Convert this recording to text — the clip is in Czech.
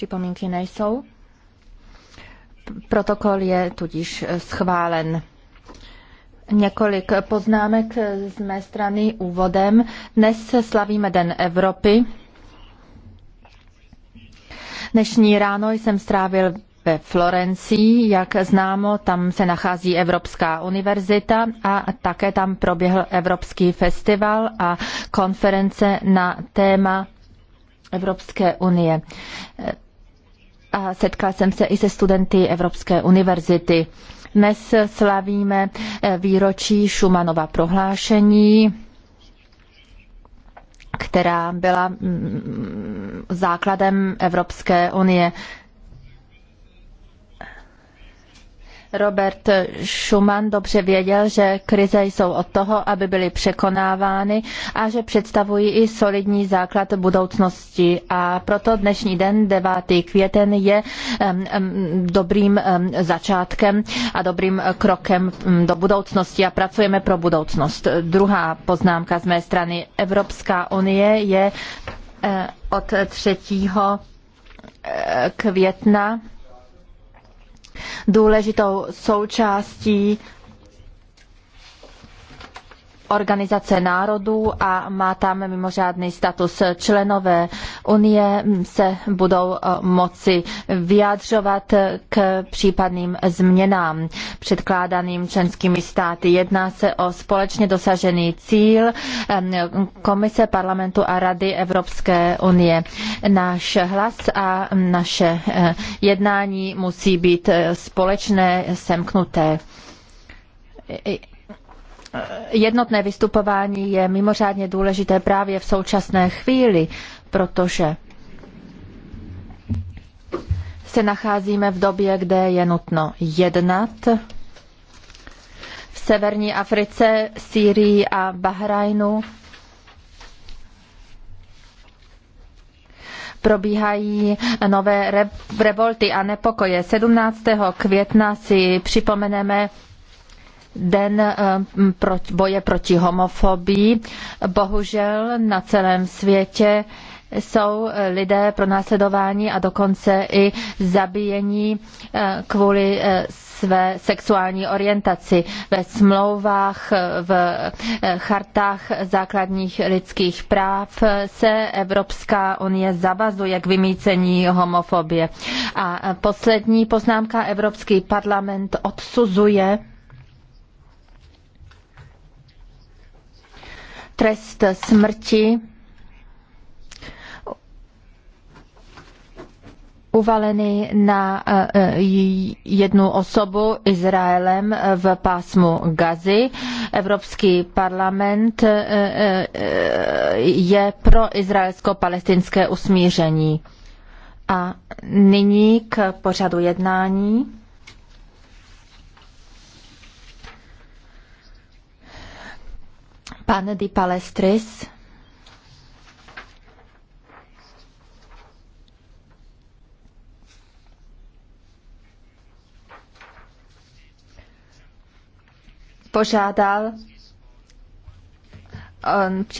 Připomínky nejsou. Protokol je tudíž schválen. Několik poznámek z mé strany úvodem. Dnes slavíme Den Evropy. Dnešní ráno jsem strávil ve Florencii, jak známo, tam se nachází Evropská univerzita a také tam proběhl Evropský festival a konference na téma Evropské unie a setkala jsem se i se studenty Evropské univerzity. Dnes slavíme eh, výročí Šumanova prohlášení, která byla mm, základem Evropské unie. Robert Schuman dobře věděl, že krize jsou od toho, aby byly překonávány a že představují i solidní základ budoucnosti. A proto dnešní den, 9. květen, je dobrým začátkem a dobrým krokem do budoucnosti a pracujeme pro budoucnost. Druhá poznámka z mé strany. Evropská unie je eh, od 3. Eh, května důležitou součástí Organizace národů a má tam mimořádný status členové unie se budou eh, moci vyjadřovat k případným změnám předkládaným členskými státy. Jedná se o společně dosažený cíl eh, Komise parlamentu a Rady Evropské unie. Náš hlas a naše eh, jednání musí být společné, semknuté jednotné vystupování je mimořádně důležité právě v současné chvíli, protože se nacházíme v době, kde je nutno jednat. V severní Africe, Sýrii a Bahrajnu probíhají nové revolty a nepokoje. 17. května si připomeneme den eh, boje proti homofobii. Bohužel na celém světě jsou lidé pronásledováni a dokonce i zabíjení eh, kvůli eh, své sexuální orientaci ve smlouvách, v chartách základních lidských práv se Evropská unie zavazuje k vymícení homofobie. A poslední poznámka, Evropský parlament odsuzuje trest smrti uvalený na eh, eh, jednu osobu Izraelem v pásmu Gazy. Evropský parlament eh, je pro izraelsko-palestinské usmíření. A nyní k pořadu jednání. Pan Di Palestris. požádal